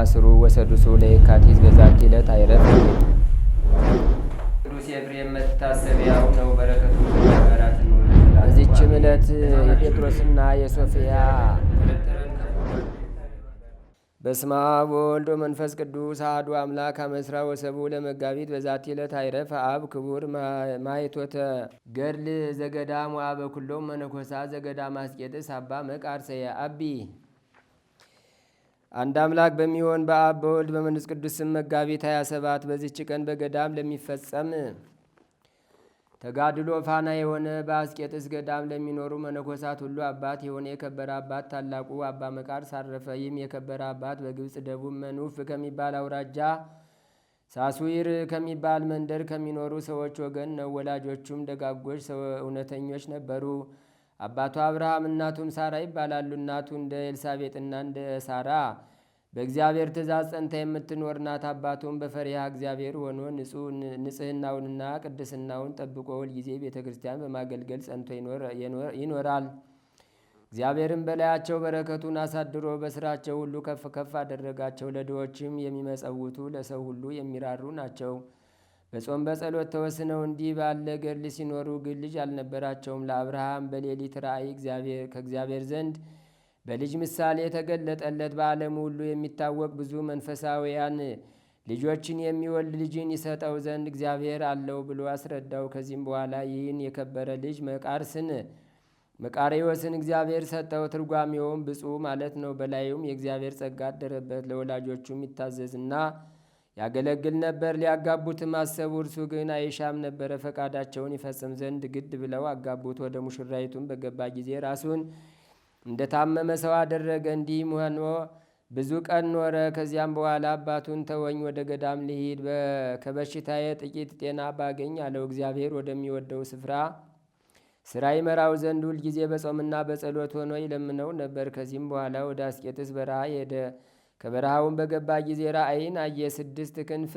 ወሰዱ ወሰዱሱ ለየካቲት በዛቲ ዕለት አይረፍ። ቅዱስ ኤፍሬም መታሰቢያው ነው። በረከቱ በዚችም ዕለት የጴጥሮስና የሶፊያ በስመ አብ ወወልድ ወመንፈስ ቅዱስ አሐዱ አምላክ አመስራ ወሰቡ ለመጋቢት በዛቲ ዕለት አይረፍ አብ ክቡር ማይቶተ ገድል ዘገዳም ወአበ ኩሎም መነኮሳ ዘገዳም አስቄጥስ አባ መቃርሰየ አቢ አንድ አምላክ በሚሆን በአብ በወልድ በመንፈስ ቅዱስ ስም መጋቢት 27 በዚች ቀን በገዳም ለሚፈጸም ተጋድሎ ፋና የሆነ በአስቄጥስ ገዳም ለሚኖሩ መነኮሳት ሁሉ አባት የሆነ የከበረ አባት ታላቁ አባ መቃር ሳረፈ። ይህም የከበረ አባት በግብፅ ደቡብ መኑፍ ከሚባል አውራጃ ሳሱይር ከሚባል መንደር ከሚኖሩ ሰዎች ወገን ነው። ወላጆቹም ደጋጎች እውነተኞች ነበሩ። አባቱ አብርሃም እናቱም ሳራ ይባላሉ። እናቱ እንደ ኤልሳቤጥና እንደ ሳራ በእግዚአብሔር ትእዛዝ ጸንታ የምትኖር ናት። አባቱም በፈሪሃ እግዚአብሔር ሆኖ ንጽህናውንና ቅድስናውን ጠብቆ ሁልጊዜ ቤተ ክርስቲያን በማገልገል ጸንቶ ይኖራል። እግዚአብሔርም በላያቸው በረከቱን አሳድሮ በስራቸው ሁሉ ከፍ ከፍ አደረጋቸው። ለድሆችም የሚመጸውቱ ለሰው ሁሉ የሚራሩ ናቸው። በጾም በጸሎት ተወስነው እንዲህ ባለ ገድል ሲኖሩ ግን ልጅ አልነበራቸውም። ለአብርሃም በሌሊት ራእይ ከእግዚአብሔር ዘንድ በልጅ ምሳሌ የተገለጠለት በዓለም ሁሉ የሚታወቅ ብዙ መንፈሳዊያን ልጆችን የሚወልድ ልጅን ይሰጠው ዘንድ እግዚአብሔር አለው ብሎ አስረዳው። ከዚህም በኋላ ይህን የከበረ ልጅ መቃርስን መቃሪዎስን እግዚአብሔር ሰጠው። ትርጓሜውም ብፁ ማለት ነው። በላዩም የእግዚአብሔር ጸጋ አደረበት። ለወላጆቹም ይታዘዝና ያገለግል ነበር። ሊያጋቡትም አሰቡ። እርሱ ግን አይሻም ነበረ። ፈቃዳቸውን ይፈጽም ዘንድ ግድ ብለው አጋቡት። ወደ ሙሽራይቱም በገባ ጊዜ ራሱን እንደታመመ ሰው አደረገ። እንዲህም ሆኖ ብዙ ቀን ኖረ። ከዚያም በኋላ አባቱን ተወኝ፣ ወደ ገዳም ልሂድ፣ ከበሽታዬ ጥቂት ጤና ባገኝ አለው። እግዚአብሔር ወደሚወደው ስፍራ ስራ ይመራው ዘንድ ሁልጊዜ በጾምና በጸሎት ሆኖ ይለምነው ነበር። ከዚህም በኋላ ወደ አስቄጥስ በረሃ ሄደ። ከበረሃውን በገባ ጊዜ ራእይን አየ። ስድስት ክንፍ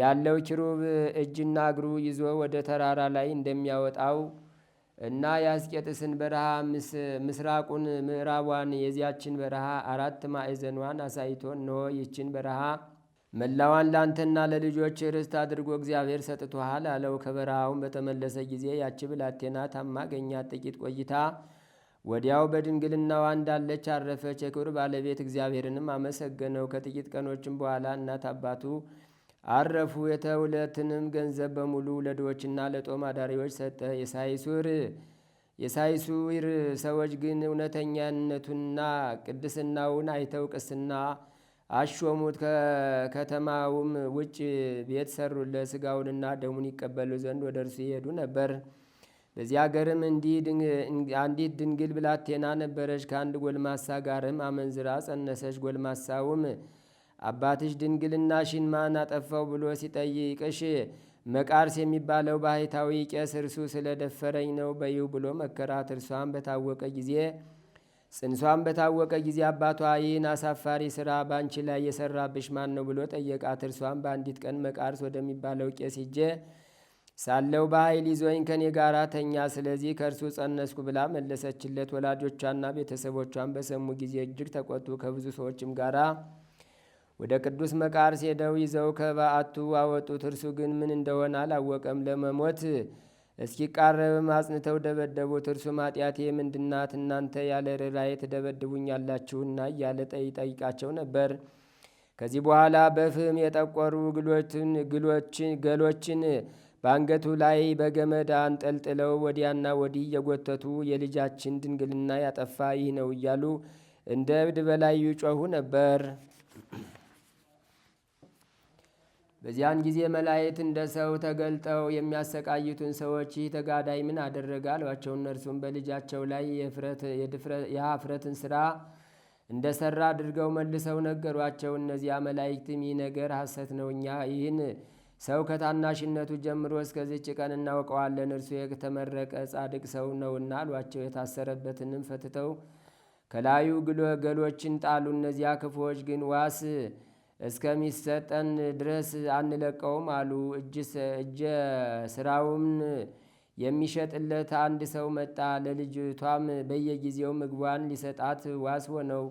ያለው ኪሩብ እጅና እግሩ ይዞ ወደ ተራራ ላይ እንደሚያወጣው እና የአስቄጥስን በረሃ ምስራቁን፣ ምዕራቧን የዚያችን በረሃ አራት ማዕዘኗን አሳይቶ እነሆ ይችን በረሃ መላዋን ለአንተና ለልጆች ርስት አድርጎ እግዚአብሔር ሰጥቶሃል አለው። ከበረሃውን በተመለሰ ጊዜ ያቺ ብላቴና ታማገኛት ጥቂት ቆይታ ወዲያው በድንግልናዋ እንዳለች አረፈች። የክብር ባለቤት እግዚአብሔርንም አመሰገነው። ከጥቂት ቀኖችም በኋላ እናት አባቱ አረፉ። የተውለትንም ገንዘብ በሙሉ ለድሆችና ለጦም አዳሪዎች ሰጠ። የሳይሱር የሳይሱር ሰዎች ግን እውነተኛነቱና ቅድስናውን አይተው ቅስና አሾሙት። ከከተማውም ውጭ ቤት ሰሩለት። ስጋውንና ደሙን ይቀበሉ ዘንድ ወደ እርሱ ይሄዱ ነበር። በዚህ አገርም አንዲት ድንግል ብላቴና ነበረች። ከአንድ ጎልማሳ ጋርም አመንዝራ ጸነሰች። ጎልማሳውም አባትሽ ድንግልና ማን አጠፋው ብሎ ሲጠይቅሽ መቃርስ የሚባለው ባህታዊ ቄስ እርሱ ስለደፈረኝ ነው በይው ብሎ መከራት። እርሷን በታወቀ ጊዜ ጽንሷን በታወቀ ጊዜ አባቷ ይህን አሳፋሪ ስራ ባንቺ ላይ የሰራብሽ ማን ነው ብሎ ጠየቃት። እርሷን በአንዲት ቀን መቃርስ ወደሚባለው ቄስ ሂጄ ሳለው በኃይል ይዞኝ ከኔ ጋር ተኛ፣ ስለዚህ ከእርሱ ጸነስኩ ብላ መለሰችለት። ወላጆቿና ቤተሰቦቿን በሰሙ ጊዜ እጅግ ተቆጡ። ከብዙ ሰዎችም ጋራ ወደ ቅዱስ መቃርስ ሄደው ይዘው ከበዓቱ አወጡት። እርሱ ግን ምን እንደሆነ አላወቀም። ለመሞት እስኪቃረብም አጽንተው ደበደቡት። እርሱም ኃጢአቴ ምንድናት? እናንተ ያለ ርኅራኄ ትደበድቡኛላችሁና እያለ ጠይቃቸው ነበር። ከዚህ በኋላ በፍም የጠቆሩ ግሎችን ገሎችን በአንገቱ ላይ በገመድ አንጠልጥለው ወዲያና ወዲህ የጎተቱ የልጃችን ድንግልና ያጠፋ ይህ ነው እያሉ እንደ እብድ በላይ ይጮሁ ነበር። በዚያን ጊዜ መላእክት እንደ ሰው ተገልጠው የሚያሰቃዩትን ሰዎች ይህ ተጋዳይ ምን አደረገ አሏቸው። እነርሱም በልጃቸው ላይ የሀፍረትን ስራ እንደ ሰራ አድርገው መልሰው ነገሯቸው። እነዚያ መላእክትም ይህ ነገር ሐሰት ነው፣ እኛ ይህን ሰው ከታናሽነቱ ጀምሮ እስከዚች ቀን እናውቀዋለን፣ እርሱ የተመረቀ ጻድቅ ሰው ነውና አሏቸው። የታሰረበትንም ፈትተው ከላዩ ገሎችን ጣሉ። እነዚያ ክፉዎች ግን ዋስ እስከሚሰጠን ድረስ አንለቀውም አሉ። እጅ ስራውን የሚሸጥለት አንድ ሰው መጣ። ለልጅቷም በየጊዜው ምግቧን ሊሰጣት ዋስ ሆነው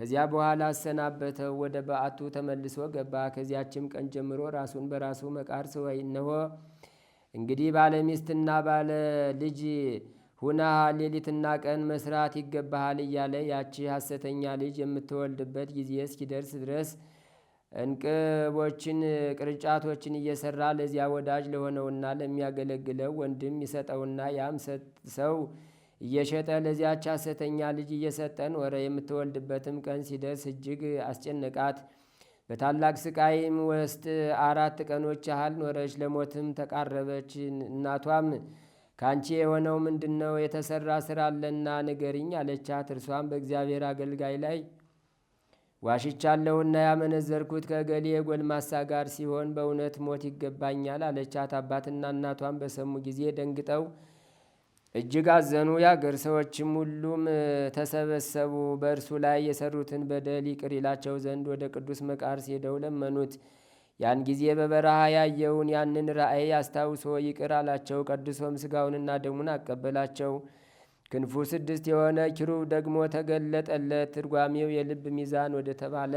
ከዚያ በኋላ አሰናበተው። ወደ በዓቱ ተመልሶ ገባ። ከዚያችም ቀን ጀምሮ ራሱን በራሱ መቃር ስወይ እነሆ እንግዲህ ባለ ሚስትና ባለ ልጅ ሁና ሌሊትና ቀን መስራት ይገባሃል እያለ ያቺ ሐሰተኛ ልጅ የምትወልድበት ጊዜ እስኪደርስ ድረስ እንቅቦችን፣ ቅርጫቶችን እየሰራ ለዚያ ወዳጅ ለሆነውና ለሚያገለግለው ወንድም ይሰጠውና ያም ሰው እየሸጠ ለዚያች ሐሰተኛ ልጅ እየሰጠን ወረ የምትወልድበትም ቀን ሲደርስ እጅግ አስጨነቃት። በታላቅ ስቃይም ውስጥ አራት ቀኖች ያህል ኖረች፣ ለሞትም ተቃረበች። እናቷም ከአንቺ የሆነው ምንድን ነው? የተሰራ ስራ አለና ንገሪኝ አለቻት። እርሷም በእግዚአብሔር አገልጋይ ላይ ዋሽቻለሁና ያመነዘርኩት ከገሌ የጎልማሳ ጋር ሲሆን በእውነት ሞት ይገባኛል አለቻት። አባትና እናቷም በሰሙ ጊዜ ደንግጠው እጅግ አዘኑ። የአገር ሰዎችም ሁሉም ተሰበሰቡ። በእርሱ ላይ የሰሩትን በደል ይቅር ይላቸው ዘንድ ወደ ቅዱስ መቃርስ ሄደው ለመኑት። ያን ጊዜ በበረሃ ያየውን ያንን ራእይ አስታውሶ ይቅር አላቸው። ቀድሶም ስጋውንና ደሙን አቀበላቸው። ክንፉ ስድስት የሆነ ኪሩብ ደግሞ ተገለጠለት። ትርጓሜው የልብ ሚዛን ወደ ተባለ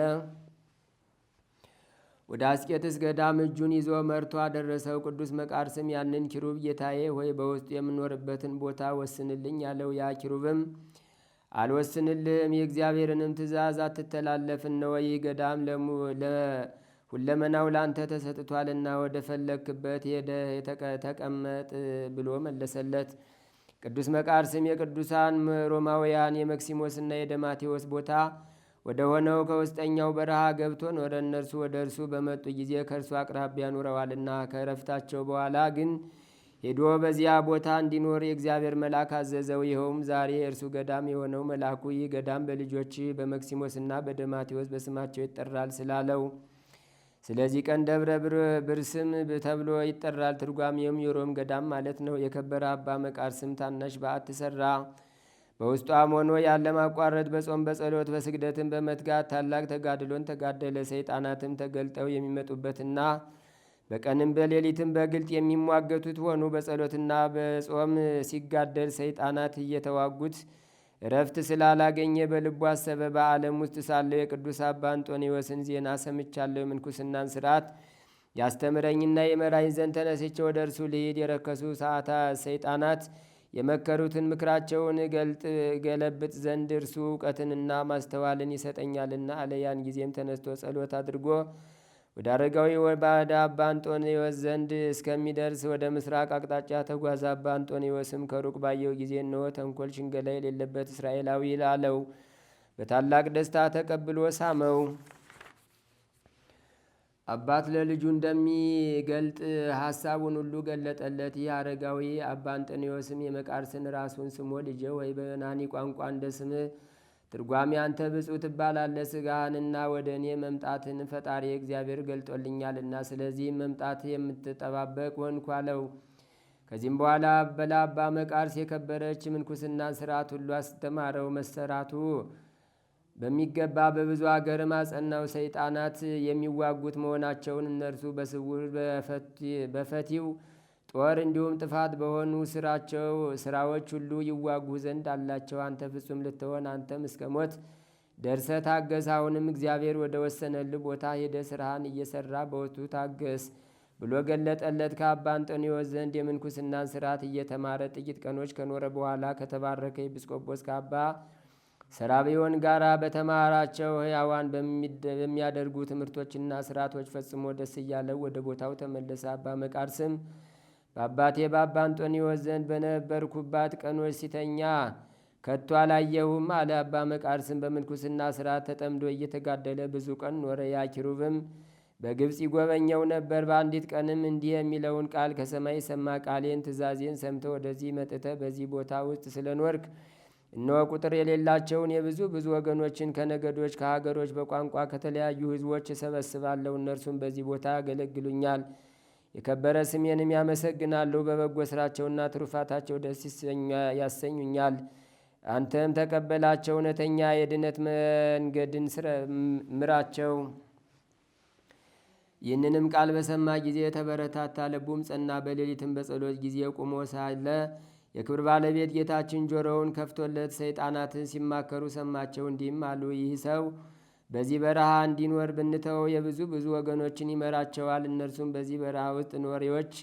ወደ አስቄትስ ገዳም እጁን ይዞ መርቶ አደረሰው። ቅዱስ መቃርስም ያንን ኪሩብ ጌታዬ ሆይ በውስጡ የምኖርበትን ቦታ ወስንልኝ ያለው ያ ኪሩብም አልወስንልህም የእግዚአብሔርንም ትእዛዝ አትተላለፍ፣ እነሆ ይህ ገዳም ሁለመናው ላንተ ተሰጥቷልና ወደ ፈለግክበት ሄደ ተቀመጥ ብሎ መለሰለት። ቅዱስ መቃርስም የቅዱሳን ሮማውያን የመክሲሞስና የደማቴዎስ ቦታ ወደ ሆነው ከውስጠኛው በረሃ ገብቶን ወደ እነርሱ ወደ እርሱ በመጡ ጊዜ ከእርሱ አቅራቢያ ኑረዋልና ከእረፍታቸው በኋላ ግን ሄዶ በዚያ ቦታ እንዲኖር የእግዚአብሔር መልአክ አዘዘው። ይኸውም ዛሬ እርሱ ገዳም የሆነው መልአኩ ይህ ገዳም በልጆች በመክሲሞስና በደማቴዎስ በስማቸው ይጠራል ስላለው፣ ስለዚህ ቀን ደብረ ብርስም ተብሎ ይጠራል። ትርጓሜውም የሮም ገዳም ማለት ነው። የከበረ አባ መቃርስም ታናሽ በዓት ተሰራ። በውስጧም ሆኖ ያለማቋረጥ በጾም በጸሎት በስግደትን በመትጋት ታላቅ ተጋድሎን ተጋደለ። ሰይጣናትም ተገልጠው የሚመጡበትና በቀንም በሌሊትም በግልጥ የሚሟገቱት ሆኑ። በጸሎትና በጾም ሲጋደል ሰይጣናት እየተዋጉት እረፍት ስላላገኘ በልቡ አሰበ። በዓለም ውስጥ ሳለው የቅዱስ አባ አንጦኒዎስን ዜና ሰምቻለሁ። የምንኩስናን ስርዓት ያስተምረኝና የመራኝ ዘንድ ተነስቼ ወደ እርሱ ልሂድ። የረከሱ ሰዓታ ሰይጣናት የመከሩትን ምክራቸውን ገለብጥ ዘንድ እርሱ እውቀትንና ማስተዋልን ይሰጠኛልና አለ። ያን ጊዜም ተነስቶ ጸሎት አድርጎ ወደ አረጋዊ ባዳ አባ አንጦንዮስ ዘንድ እስከሚደርስ ወደ ምስራቅ አቅጣጫ ተጓዘ። አባ አንጦንዮስም ከሩቅ ባየው ጊዜ እነሆ ተንኮል፣ ሽንገላ የሌለበት እስራኤላዊ አለው። በታላቅ ደስታ ተቀብሎ ሳመው። አባት ለልጁ እንደሚገልጥ ሐሳቡን ሁሉ ገለጠለት። ይህ አረጋዊ አባ አንጠኒዎስም የመቃርስን ራሱን ስሞ ልጄ ወይ በዮናኒ ቋንቋ እንደ ስም ትርጓሜ አንተ ብፁ ትባላለ ሥጋህንና ወደ እኔ መምጣትን ፈጣሪ እግዚአብሔር ገልጦልኛልና ስለዚህ መምጣት የምትጠባበቅ ሆንኩ አለው። ከዚህም በኋላ በላባ መቃርስ የከበረች ምንኩስናን ስርዓት ሁሉ አስተማረው መሰራቱ በሚገባ በብዙ አገርም አጸናው። ሰይጣናት የሚዋጉት መሆናቸውን እነርሱ በስውር በፈቲው ጦር እንዲሁም ጥፋት በሆኑ ስራቸው ስራዎች ሁሉ ይዋጉ ዘንድ አላቸው። አንተ ፍጹም ልትሆን አንተም እስከ ሞት ደርሰ ታገስ። አሁንም እግዚአብሔር ወደ ወሰነል ቦታ ሄደ ስራህን እየሰራ በወቱ ታገስ ብሎ ገለጠለት። ከአባ አንጦኒዎስ ዘንድ የምንኩስናን ስርዓት እየተማረ ጥቂት ቀኖች ከኖረ በኋላ ከተባረከ ኤጲስቆጶስ ከአባ ሰራቢዮን ጋራ በተማራቸው ህያዋን በሚያደርጉ ትምህርቶችና ስርዓቶች ፈጽሞ ደስ እያለው ወደ ቦታው ተመለሰ። አባ ስም በአባቴ በአባ አንጦኒዎስ ዘንድ በነበርኩባት ቀኖች ሲተኛ ከቶ አላየሁም አለ። አባ ስም በምንኩስና ስርዓት ተጠምዶ እየተጋደለ ብዙ ቀን ኖረ። ያኪሩብም በግብፅ ይጎበኘው ነበር። በአንዲት ቀንም እንዲህ የሚለውን ቃል ከሰማይ ሰማ። ቃሌን፣ ትእዛዜን ሰምተ ወደዚህ መጥተ በዚህ ቦታ ውስጥ ስለኖርክ እነሆ ቁጥር የሌላቸውን የብዙ ብዙ ወገኖችን ከነገዶች፣ ከሀገሮች፣ በቋንቋ ከተለያዩ ህዝቦች እሰበስባለሁ። እነርሱም በዚህ ቦታ ያገለግሉኛል፣ የከበረ ስሜንም ያመሰግናሉ። በበጎ ስራቸውና ትሩፋታቸው ደስ ያሰኙኛል። አንተም ተቀበላቸው፣ እውነተኛ የድነት መንገድን ምራቸው። ይህንንም ቃል በሰማ ጊዜ ተበረታታ፣ ልቡም ጸና። በሌሊትም በጸሎት ጊዜ ቁሞ ሳለ የክብር ባለቤት ጌታችን ጆሮውን ከፍቶለት ሰይጣናትን ሲማከሩ ሰማቸው። እንዲህም አሉ፣ ይህ ሰው በዚህ በረሃ እንዲኖር ብንተው የብዙ ብዙ ወገኖችን ይመራቸዋል። እነርሱም በዚህ በረሃ ውስጥ ኖሪዎች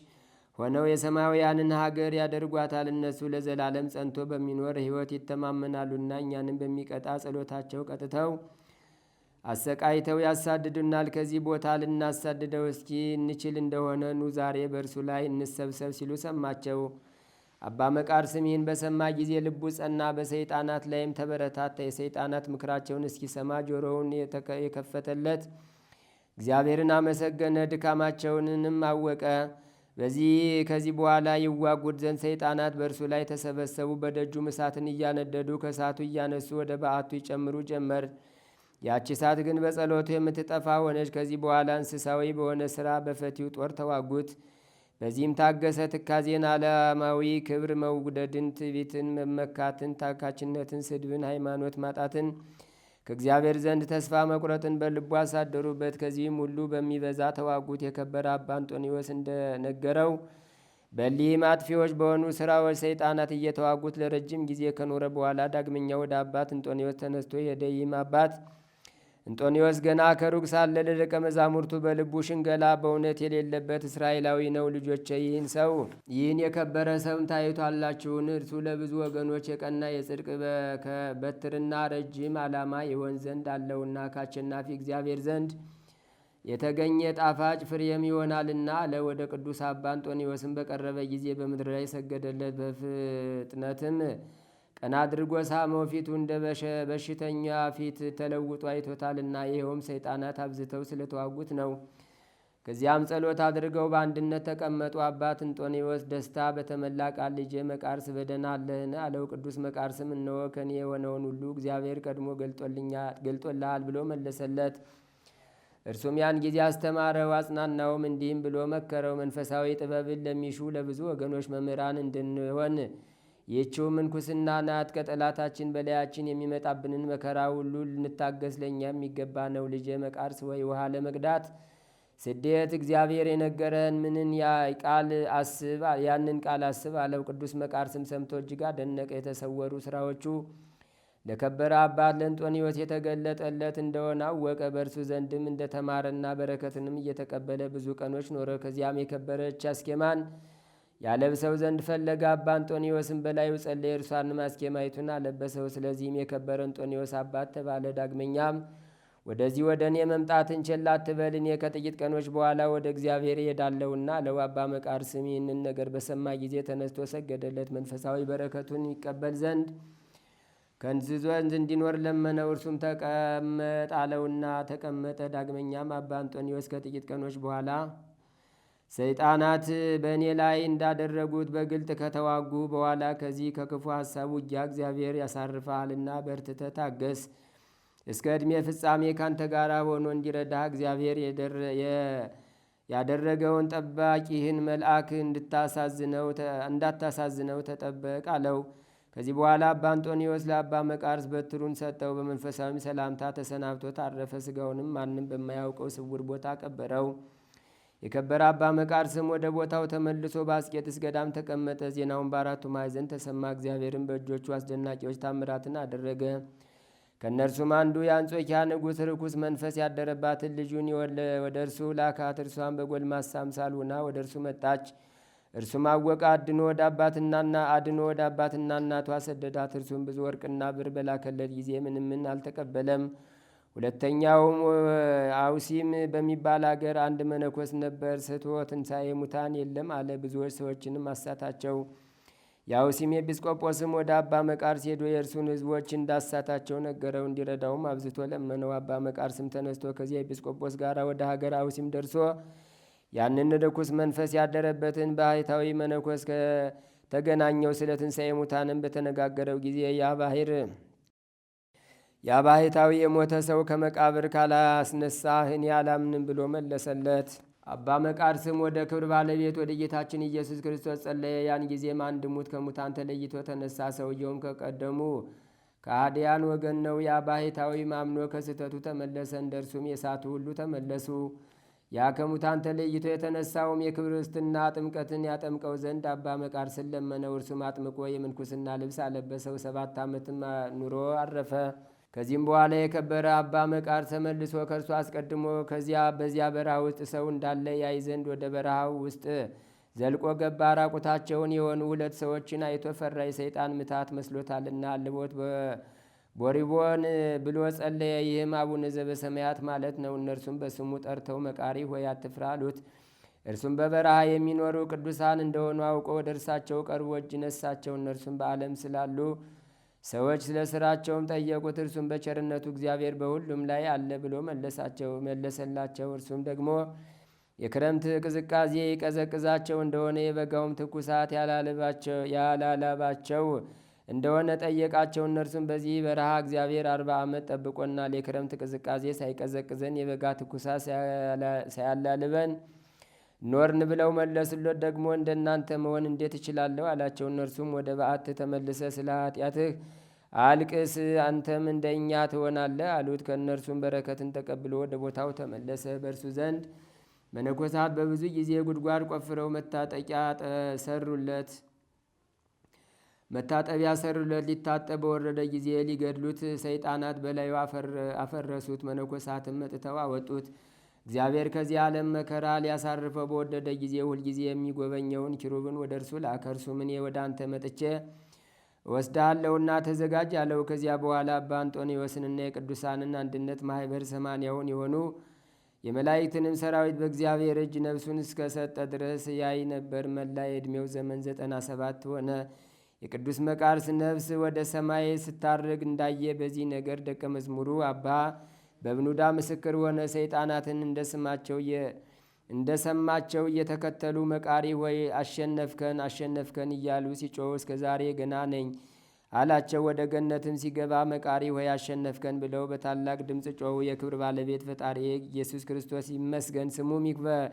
ሆነው የሰማያውያንን ሀገር ያደርጓታል። እነሱ ለዘላለም ጸንቶ በሚኖር ሕይወት ይተማመናሉና እኛንም በሚቀጣ ጸሎታቸው ቀጥተው አሰቃይተው ያሳድዱናል። ከዚህ ቦታ ልናሳድደው እስኪ እንችል እንደሆነ ኑ ዛሬ በእርሱ ላይ እንሰብሰብ ሲሉ ሰማቸው። አባ መቃርስም ይህን በሰማ ጊዜ ልቡ ጸና፣ በሰይጣናት ላይም ተበረታታ። የሰይጣናት ምክራቸውን እስኪሰማ ጆሮውን የከፈተለት እግዚአብሔርን አመሰገነ፣ ድካማቸውንም አወቀ። በዚህ ከዚህ በኋላ ይዋጉት ዘንድ ሰይጣናት በእርሱ ላይ ተሰበሰቡ። በደጁም እሳትን እያነደዱ ከእሳቱ እያነሱ ወደ በዓቱ ይጨምሩ ጀመር። ያቺ እሳት ግን በጸሎቱ የምትጠፋ ሆነች። ከዚህ በኋላ እንስሳዊ በሆነ ስራ በፈቲው ጦር ተዋጉት። በዚህም ታገሰ። ትካዜን፣ ዓለማዊ ክብር፣ መውደድን፣ ትቢትን መመካትን፣ ታካችነትን፣ ስድብን፣ ሃይማኖት ማጣትን፣ ከእግዚአብሔር ዘንድ ተስፋ መቁረጥን በልቡ አሳደሩበት። ከዚህም ሁሉ በሚበዛ ተዋጉት። የከበረ አባ አንጦኒዎስ እንደነገረው በሊህም አጥፊዎች በሆኑ ስራዎች ሰይጣናት እየተዋጉት ለረጅም ጊዜ ከኖረ በኋላ ዳግመኛ ወደ አባት እንጦኒዎስ ተነስቶ ሄደ። ይህም አባት እንጦኒዎስ ገና ከሩቅ ሳለ ለደቀ መዛሙርቱ በልቡ ሽንገላ በእውነት የሌለበት እስራኤላዊ ነው። ልጆቼ ይህን ሰው ይህን የከበረ ሰውን ታይቷላችሁን? እርሱ ለብዙ ወገኖች የቀና የጽድቅ በትርና ረጅም ዓላማ የሆን ዘንድ አለውና ከአሸናፊ እግዚአብሔር ዘንድ የተገኘ ጣፋጭ ፍሬም ይሆናልና አለ። ወደ ቅዱስ አባ እንጦኒዎስም በቀረበ ጊዜ በምድር ላይ ሰገደለት። በፍጥነትም ቀና አድርጎ ሳመው። ፊቱ እንደ በሽተኛ ፊት ተለውጦ አይቶታልና ይኸውም ሰይጣናት አብዝተው ስለተዋጉት ነው። ከዚያም ጸሎት አድርገው በአንድነት ተቀመጡ። አባት እንጦኔዎስ ደስታ በተመላ ቃል ልጄ መቃርስ በደህና አለህን? አለው። ቅዱስ መቃርስም እነሆ ከኔ የሆነውን ሁሉ እግዚአብሔር ቀድሞ ገልጦልሃል ብሎ መለሰለት። እርሱም ያን ጊዜ አስተማረው፣ አጽናናውም፣ እንዲህም ብሎ መከረው መንፈሳዊ ጥበብን ለሚሹ ለብዙ ወገኖች መምህራን እንድንሆን ይህችው ምንኩስና ናት። ከጠላታችን በላያችን የሚመጣብንን መከራ ሁሉ ልንታገስ ለእኛ የሚገባ ነው። ልጄ መቃርስ ወይ ውሃ ለመቅዳት ስደት እግዚአብሔር የነገረን ምንን ቃል አስብ ያንን ቃል አስብ አለው። ቅዱስ መቃርስም ሰምቶ እጅግ አደነቀ። የተሰወሩ ስራዎቹ ለከበረ አባት ለእንጦንዮስ የተገለጠለት እንደሆነ አወቀ። በእርሱ ዘንድም እንደተማረና በረከትንም እየተቀበለ ብዙ ቀኖች ኖረ። ከዚያም የከበረች አስኬማን ያለብሰው ዘንድ ፈለገ። አባ አንጦኒዎስም በላዩ ጸለየ፣ እርሷንም አስኬማይቱን አለበሰው። ስለዚህም የከበረ አንጦኒዎስ አባት ተባለ። ዳግመኛም ወደዚህ ወደ እኔ መምጣትን ችላ አትበል፣ እኔ ከጥቂት ቀኖች በኋላ ወደ እግዚአብሔር እሄዳለሁና አለው። አባ መቃርስም ይህንን ነገር በሰማ ጊዜ ተነስቶ ሰገደለት። መንፈሳዊ በረከቱን ይቀበል ዘንድ ዘንድ እንዲኖር ለመነው። እርሱም ተቀመጣለውና ተቀመጠ። ዳግመኛም አባ አንጦኒዎስ ከጥቂት ቀኖች በኋላ ሰይጣናት በእኔ ላይ እንዳደረጉት በግልጥ ከተዋጉ በኋላ ከዚህ ከክፉ ሐሳብ ውጊያ እግዚአብሔር ያሳርፈሃልና በእርትተ ታገስ። እስከ ዕድሜ ፍጻሜ ካንተ ጋር ሆኖ እንዲረዳህ እግዚአብሔር ያደረገውን ጠባቂህን መልአክ እንዳታሳዝነው ተጠበቅ አለው። ከዚህ በኋላ አባ አንጦኒዎስ ለአባ መቃርስ በትሩን ሰጠው። በመንፈሳዊ ሰላምታ ተሰናብቶ ታረፈ። ስጋውንም ማንም በማያውቀው ስውር ቦታ ቀበረው። የከበረ አባ መቃርስም ወደ ቦታው ተመልሶ በአስቄጥስ ገዳም ተቀመጠ። ዜናውን በአራቱ ማዕዘን ተሰማ። እግዚአብሔርም በእጆቹ አስደናቂዎች ታምራትን አደረገ። ከእነርሱም አንዱ የአንጾኪያ ንጉሥ ርኩስ መንፈስ ያደረባትን ልጁን ወደ እርሱ ላካት። እርሷን በጎልማሳ አምሳል ሆና ወደ እርሱ መጣች። እርሱም አወቀ። አድኖ ወደ አባትናና አድኖ ወደ አባትና እናቷ ሰደዳት። እርሱም ብዙ ወርቅና ብር በላከለት ጊዜ ምንምን አልተቀበለም። ሁለተኛውም አውሲም በሚባል አገር አንድ መነኮስ ነበር። ስቶ ትንሣኤ ሙታን የለም አለ። ብዙዎች ሰዎችንም አሳታቸው። የአውሲም ኤጲስቆጶስም ወደ አባ መቃርስ ሄዶ የእርሱን ሕዝቦች እንዳሳታቸው ነገረው። እንዲረዳውም አብዝቶ ለመነው። አባ መቃርስም ተነስቶ ከዚያ ኤጲስቆጶስ ጋር ወደ ሀገር አውሲም ደርሶ ያንን ርኩስ መንፈስ ያደረበትን ባህታዊ መነኮስ ተገናኘው። ስለ ትንሣኤ ሙታንም በተነጋገረው ጊዜ ያ ባህር ያባሕታዊ የሞተ ሰው ከመቃብር ካላስነሳህ እኔ አላምንም ብሎ መለሰለት። አባ መቃርስም ወደ ክብር ባለቤት ወደ ጌታችን ኢየሱስ ክርስቶስ ጸለየ። ያን ጊዜም አንድ ሙት ከሙታን ተለይቶ ተነሳ። ሰውየውም ከቀደሙ ከአዲያን ወገን ነው። የአባሕታዊ ማምኖ ከስህተቱ ተመለሰ። እንደ እርሱም የሳቱ ሁሉ ተመለሱ። ያ ከሙታን ተለይቶ የተነሳውም የክብር ውስትና ጥምቀትን ያጠምቀው ዘንድ አባ መቃርስን ለመነው። እርሱም አጥምቆ የምንኩስና ልብስ አለበሰው። ሰባት ዓመትም ኑሮ አረፈ። ከዚህም በኋላ የከበረ አባ መቃር ተመልሶ ከእርሱ አስቀድሞ ከዚያ በዚያ በረሃ ውስጥ ሰው እንዳለ ያይ ዘንድ ወደ በረሃው ውስጥ ዘልቆ ገባ። ራቁታቸውን የሆኑ ሁለት ሰዎችን አይቶ ፈራ፣ የሰይጣን ምታት መስሎታልና አልቦት ቦሪቦን ብሎ ጸለየ። ይህም አቡነ ዘበሰማያት ማለት ነው። እነርሱም በስሙ ጠርተው መቃሪ ሆይ አትፍራ አሉት። እርሱም በበረሃ የሚኖሩ ቅዱሳን እንደሆኑ አውቆ ወደ እርሳቸው ቀርቦ እጅ ነሳቸው። እነርሱም በዓለም ስላሉ ሰዎች ስለ ስራቸውም ጠየቁት። እርሱም በቸርነቱ እግዚአብሔር በሁሉም ላይ አለ ብሎ መለሳቸው መለሰላቸው። እርሱም ደግሞ የክረምት ቅዝቃዜ ይቀዘቅዛቸው እንደሆነ የበጋውም ትኩሳት ያላላባቸው እንደሆነ ጠየቃቸው። እነርሱም በዚህ በረሃ እግዚአብሔር አርባ ዓመት ጠብቆናል፣ የክረምት ቅዝቃዜ ሳይቀዘቅዘን የበጋ ትኩሳት ሳያላልበን ኖርን ብለው መለሱለት። ደግሞ እንደናንተ መሆን እንዴት እችላለሁ አላቸው። እነርሱም ወደ በዓት ተመልሰ ስለ ኃጢአትህ አልቅስ፣ አንተም እንደ እኛ ትሆናለህ አሉት። ከእነርሱም በረከትን ተቀብሎ ወደ ቦታው ተመለሰ። በእርሱ ዘንድ መነኮሳት በብዙ ጊዜ ጉድጓድ ቆፍረው መታጠቂያ ሰሩለት መታጠቢያ ሰሩለት። ሊታጠብ በወረደ ጊዜ ሊገድሉት ሰይጣናት በላዩ አፈረሱት። መነኮሳትም መጥተው አወጡት። እግዚአብሔር ከዚህ ዓለም መከራ ሊያሳርፈው በወደደ ጊዜ ሁልጊዜ የሚጎበኘውን ኪሩብን ወደ እርሱ ላከ። እርሱም እኔ ወደ አንተ መጥቼ ወስዳለውና ተዘጋጅ አለው። ከዚያ በኋላ አባ አንጦኒዎስንና የቅዱሳንን አንድነት ማህበር ሰማንያውን የሆኑ የመላእክትንም ሰራዊት በእግዚአብሔር እጅ ነፍሱን እስከ ሰጠ ድረስ ያይ ነበር። መላ የዕድሜው ዘመን ዘጠና ሰባት ሆነ። የቅዱስ መቃርስ ነፍስ ወደ ሰማይ ስታርግ እንዳየ በዚህ ነገር ደቀ መዝሙሩ አባ በብኑዳ ምስክር ሆነ። ሰይጣናትን እንደስማቸው እንደ ሰማቸው እየተከተሉ መቃሪ ወይ አሸነፍከን አሸነፍከን እያሉ ሲጮህ እስከ ዛሬ ገና ነኝ አላቸው። ወደ ገነትም ሲገባ መቃሪ ወይ አሸነፍከን ብለው በታላቅ ድምፅ ጮሁ። የክብር ባለቤት ፈጣሪ ኢየሱስ ክርስቶስ ይመስገን፣ ስሙ ይክበር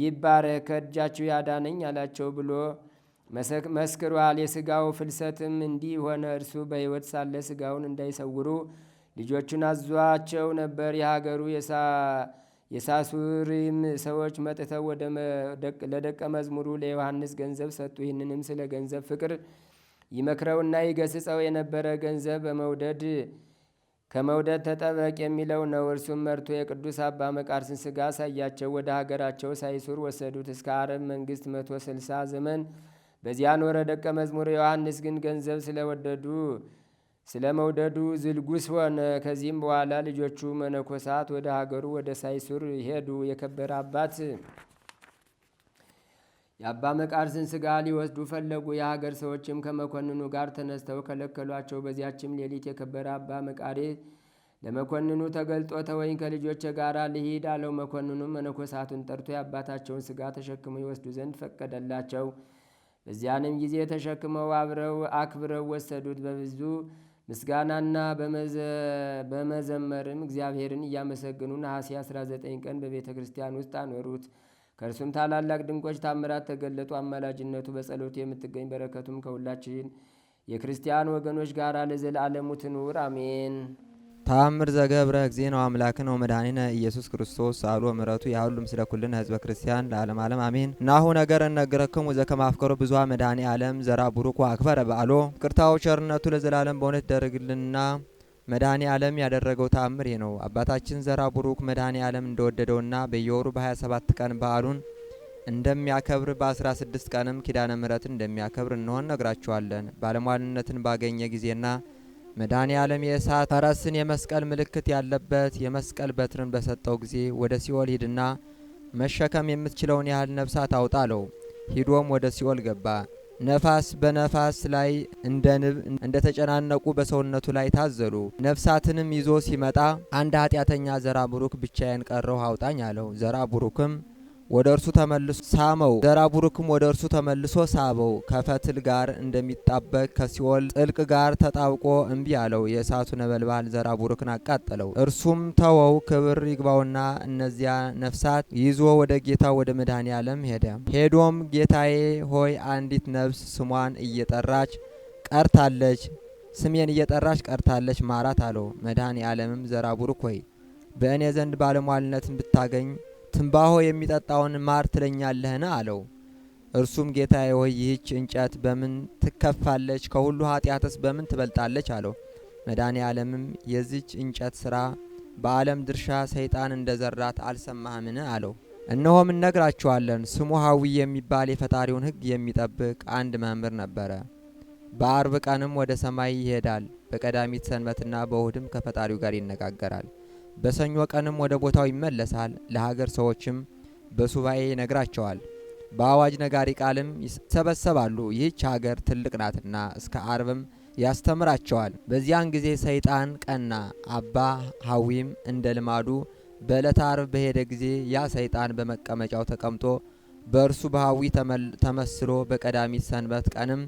ይባረክ፣ ከእጃችሁ ያዳነኝ አላቸው ብሎ መስክሯል። የስጋው ፍልሰትም እንዲህ ሆነ። እርሱ በሕይወት ሳለ ስጋውን እንዳይሰውሩ ልጆቹን አዟቸው ነበር። የሀገሩ የሳሱሪም ሰዎች መጥተው ለደቀ መዝሙሩ ለዮሐንስ ገንዘብ ሰጡ። ይህንንም ስለ ገንዘብ ፍቅር ይመክረውና ይገስጸው የነበረ ገንዘብ በመውደድ ከመውደድ ተጠበቅ የሚለው ነው። እርሱም መርቶ የቅዱስ አባ መቃርስን ስጋ አሳያቸው። ወደ ሀገራቸው ሳይሱር ወሰዱት። እስከ አረብ መንግስት መቶ ስልሳ ዘመን በዚያ ኖረ። ደቀ መዝሙር ዮሐንስ ግን ገንዘብ ስለወደዱ ስለ መውደዱ ዝልጉስ ሆነ። ከዚህም በኋላ ልጆቹ መነኮሳት ወደ ሀገሩ ወደ ሳይሱር ሄዱ። የከበረ አባት የአባ መቃርስን ስጋ ሊወስዱ ፈለጉ። የሀገር ሰዎችም ከመኮንኑ ጋር ተነስተው ከለከሏቸው። በዚያችም ሌሊት የከበረ አባ መቃሬ ለመኮንኑ ተገልጦ ተወኝ ከልጆች ጋር ልሂድ አለው። መኮንኑም መነኮሳቱን ጠርቶ የአባታቸውን ስጋ ተሸክመው ይወስዱ ዘንድ ፈቀደላቸው። በዚያንም ጊዜ ተሸክመው አብረው አክብረው ወሰዱት። በብዙ ምስጋናና በመዘመርም እግዚአብሔርን እያመሰገኑ ነሐሴ 19 ቀን በቤተ ክርስቲያን ውስጥ አኖሩት። ከእርሱም ታላላቅ ድንቆች ታምራት ተገለጡ። አማላጅነቱ በጸሎቱ የምትገኝ በረከቱም ከሁላችን የክርስቲያን ወገኖች ጋር ለዘላለሙ ትኑር አሜን። ታምር ዘገብረ አምላክ ነው ወመድኃኒነ ኢየሱስ ክርስቶስ አሉ ምረቱ ያሁሉም ስለ ኩልነ ህዝበ ክርስቲያን ለዓለም ዓለም አሜን። ናሁ ነገር እነግረክሙ ዘከመ አፍቀሮ ብዙኃ ዓለም ዘራ ቡሩኩ አክበረ በዓሎ። ቅርታው ቸርነቱ ለዘላለም በእውነት ይደረግልንና መድኃኔ ዓለም ያደረገው ተአምር ነው። አባታችን ዘራ ቡሩክ መድኃኔ ዓለም እንደወደደውና በየወሩ በ27 ቀን በዓሉን እንደሚያከብር በ16 ቀንም ኪዳነ ምሕረትን እንደሚያከብር እንሆን ነግራችኋለን። ባለሟልነትን ባገኘ ጊዜና መድኃኔ ዓለም የእሳት ፈረስን የመስቀል ምልክት ያለበት የመስቀል በትርን በሰጠው ጊዜ ወደ ሲኦል ሂድና መሸከም የምትችለውን ያህል ነፍሳት አውጣ አለው። ሂዶም ወደ ሲኦል ገባ። ነፋስ በነፋስ ላይ እንደ ንብ እንደተጨናነቁ በሰውነቱ ላይ ታዘሉ። ነፍሳትንም ይዞ ሲመጣ አንድ ኃጢአተኛ ዘራ ቡሩክ ብቻዬን ቀረሁ አውጣኝ አለው። ዘራ ቡሩክም ወደ እርሱ ተመልሶ ሳመው። ዘራቡሩክም ወደ እርሱ ተመልሶ ሳበው። ከፈትል ጋር እንደሚጣበቅ ከሲኦል ጥልቅ ጋር ተጣብቆ እምቢ አለው። የእሳቱ ነበልባል ዘራቡርክን አቃጠለው። እርሱም ተወው። ክብር ይግባውና እነዚያ ነፍሳት ይዞ ወደ ጌታ ወደ መድኃኔ ዓለም ሄደ። ሄዶም ጌታዬ ሆይ አንዲት ነፍስ ስሟን እየጠራች ቀርታለች ስሜን እየጠራች ቀርታለች ማራት አለው። መድኃኔ ዓለምም ዘራቡርክ ሆይ በእኔ ዘንድ ባለሟልነትን ብታገኝ ትንባሆ የሚጠጣውን ማር ትለኛለህን? አለው። እርሱም ጌታዬ ሆይ ይህች እንጨት በምን ትከፋለች? ከሁሉ ኃጢአትስ በምን ትበልጣለች? አለው። መድኃኔ ዓለምም የዚች እንጨት ስራ በዓለም ድርሻ ሰይጣን እንደ ዘራት አልሰማህምን? አለው። እነሆም እነግራችኋለን። ስሙ ሀዊ የሚባል የፈጣሪውን ሕግ የሚጠብቅ አንድ መምህር ነበረ። በአርብ ቀንም ወደ ሰማይ ይሄዳል። በቀዳሚት ሰንበትና በእሁድም ከፈጣሪው ጋር ይነጋገራል። በሰኞ ቀንም ወደ ቦታው ይመለሳል። ለሀገር ሰዎችም በሱባኤ ይነግራቸዋል። በአዋጅ ነጋሪ ቃልም ይሰበሰባሉ። ይህች ሀገር ትልቅ ናትና እስከ አርብም ያስተምራቸዋል። በዚያን ጊዜ ሰይጣን ቀና። አባ ሀዊም እንደ ልማዱ በዕለተ አርብ በሄደ ጊዜ ያ ሰይጣን በመቀመጫው ተቀምጦ በእርሱ በሀዊ ተመስሎ በቀዳሚት ሰንበት ቀንም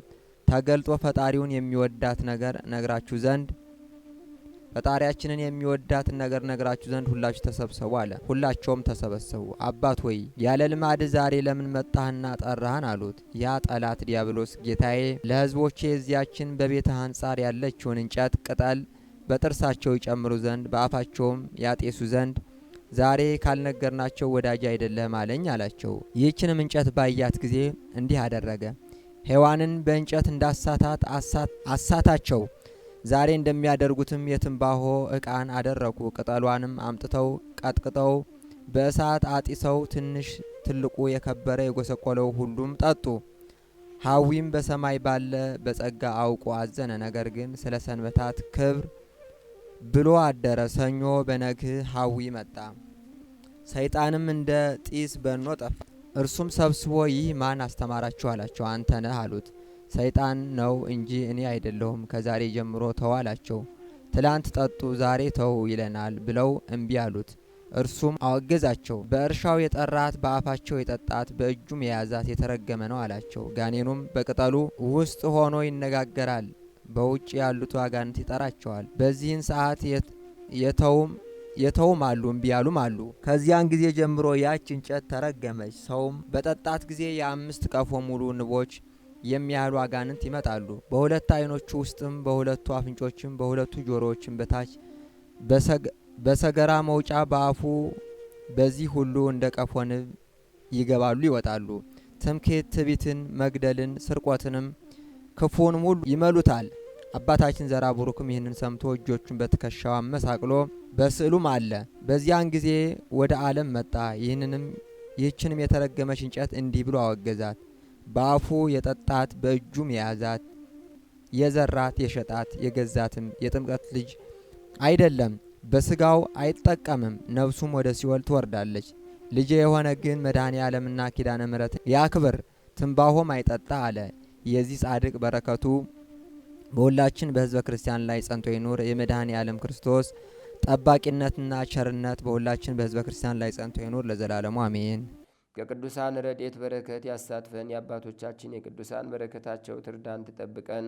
ተገልጦ ፈጣሪውን የሚወዳት ነገር ነግራችሁ ዘንድ ፈጣሪያችንን የሚወዳትን ነገር ነግራችሁ ዘንድ ሁላችሁ ተሰብሰቡ አለ። ሁላቸውም ተሰበሰቡ። አባት ሆይ ያለ ልማድ ዛሬ ለምን መጣህና ጠራህን? አሉት። ያ ጠላት ዲያብሎስ ጌታዬ ለህዝቦቼ እዚያችን በቤተ አንጻር ያለችውን እንጨት ቅጠል በጥርሳቸው ይጨምሩ ዘንድ በአፋቸውም ያጤሱ ዘንድ ዛሬ ካልነገርናቸው ወዳጅ አይደለህም አለኝ አላቸው። ይህችንም እንጨት ባያት ጊዜ እንዲህ አደረገ። ሔዋንን በእንጨት እንዳሳታት አሳታቸው። ዛሬ እንደሚያደርጉትም የትንባሆ እቃን አደረቁ። ቅጠሏንም አምጥተው ቀጥቅጠው በእሳት አጢሰው ትንሽ ትልቁ የከበረ የጎሰቆለው ሁሉም ጠጡ። ሀዊም በሰማይ ባለ በጸጋ አውቆ አዘነ። ነገር ግን ስለ ሰንበታት ክብር ብሎ አደረ። ሰኞ በነግህ ሀዊ መጣ። ሰይጣንም እንደ ጢስ በኖ ጠፋ። እርሱም ሰብስቦ ይህ ማን አስተማራችሁ አላቸው። አንተ ነህ አሉት። ሰይጣን ነው እንጂ እኔ አይደለሁም። ከዛሬ ጀምሮ ተው አላቸው። ትላንት ጠጡ፣ ዛሬ ተው ይለናል ብለው እምቢ አሉት። እርሱም አወገዛቸው። በእርሻው የጠራት በአፋቸው የጠጣት በእጁም የያዛት የተረገመ ነው አላቸው። ጋኔኑም በቅጠሉ ውስጥ ሆኖ ይነጋገራል፣ በውጭ ያሉት አጋንንት ይጠራቸዋል። በዚህን ሰዓት የተውም የተውም አሉ እምቢ ያሉም አሉ። ከዚያን ጊዜ ጀምሮ ያች እንጨት ተረገመች። ሰውም በጠጣት ጊዜ የአምስት ቀፎ ሙሉ ንቦች የሚያሉ አጋንንት ይመጣሉ። በሁለት አይኖቹ ውስጥም በሁለቱ አፍንጮችም በሁለቱ ጆሮዎችም በታች በሰገራ መውጫ በአፉ በዚህ ሁሉ እንደ ቀፎ ንብ ይገባሉ ይወጣሉ። ትምክህት፣ ትቢትን፣ መግደልን፣ ስርቆትንም ክፉን ሁሉ ይመሉታል። አባታችን ዘራ ቡሩክም ይህንን ሰምቶ እጆቹን በትከሻው አመሳቅሎ በስዕሉም አለ። በዚያን ጊዜ ወደ ዓለም መጣ። ይህንንም ይህችንም የተረገመች እንጨት እንዲህ ብሎ አወገዛት። በአፉ የጠጣት በእጁም የያዛት የዘራት የሸጣት የገዛትም የጥምቀት ልጅ አይደለም። በስጋው አይጠቀምም፣ ነፍሱም ወደ ሲኦል ትወርዳለች። ልጄ የሆነ ግን መድኃኔ ዓለምና ኪዳነ ምሕረት ያክብር፣ ትንባሆም አይጠጣ አለ። የዚህ ጻድቅ በረከቱ በሁላችን በሕዝበ ክርስቲያን ላይ ጸንቶ ይኑር። የመድኃኔ ዓለም ክርስቶስ ጠባቂነትና ቸርነት በሁላችን በሕዝበ ክርስቲያን ላይ ጸንቶ ይኑር ለዘላለሙ አሜን። ከቅዱሳን ረድኤት በረከት ያሳትፈን። የአባቶቻችን የቅዱሳን በረከታቸው ትርዳን፣ ትጠብቀን።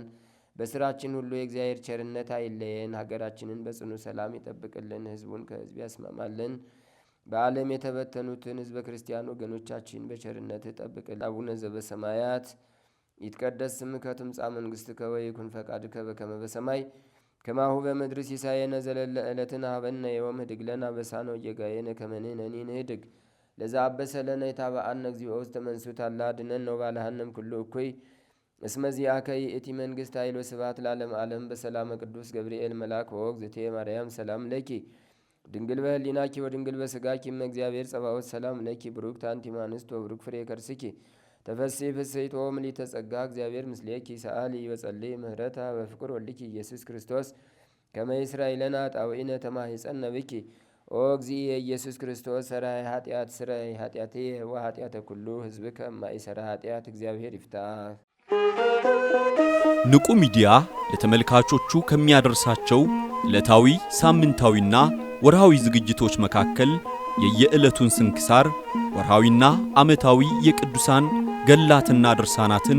በስራችን ሁሉ የእግዚአብሔር ቸርነት አይለየን። ሀገራችንን በጽኑ ሰላም ይጠብቅልን፣ ህዝቡን ከህዝብ ያስማማልን። በዓለም የተበተኑትን ህዝበ ክርስቲያን ወገኖቻችን በቸርነት ጠብቅልን። አቡነ ዘበሰማያት ይትቀደስ ስምከ ትምጻእ መንግሥትከ ወይኩን ፈቃድከ በከመ በሰማይ ከማሁ በምድር ሲሳየነ ዘለለ ዕለትነ ሀበነ ዮም ህድግ ለነ አበሳነ ወጌጋየነ ከመ ንሕነኒ ንህድግ ለዛ አበሰለነ የታበአነ እግዚኦ ውስተ መንሱት አላ ድነን ነው ባልሃንም ኩሉ እኩይ እስመዚ ዚአከ እቲ መንግስት ኃይሎ ስብሐት ለዓለም ዓለም በሰላመ ቅዱስ ገብርኤል መልአክ ወወግ ዘቴ ማርያም ሰላም ለኪ ድንግል በህሊናኪ ወድንግል በስጋኪ እመ እግዚአብሔር ጸባዖት ሰላም ለኪ ብሩክት አንቲ እምአንስት ወብሩክ ፍሬ ከርስኪ ተፈሲ ፍሥሕት ወምልዕተ ጸጋ እግዚአብሔር ምስሌኪ ሰአሊ ወጸልይ ምህረታ በፍቅር ወልኪ ኢየሱስ ክርስቶስ ከመ ይስራይ ለነ ኃጣውኢነ ተማኅፀነ ብኪ ኦ እግዚእ ኢየሱስ ክርስቶስ ሰራይ ኃጢአት ስራይ ኃጢአቴ ወኃጢአተ ኩሉ ህዝብ ከማይሰራ ኃጢአት እግዚአብሔር ይፍታ። ንቁ ሚዲያ ለተመልካቾቹ ከሚያደርሳቸው ዕለታዊ ሳምንታዊና ወርሃዊ ዝግጅቶች መካከል የየዕለቱን ስንክሳር ወርሃዊና ዓመታዊ የቅዱሳን ገላትና ድርሳናትን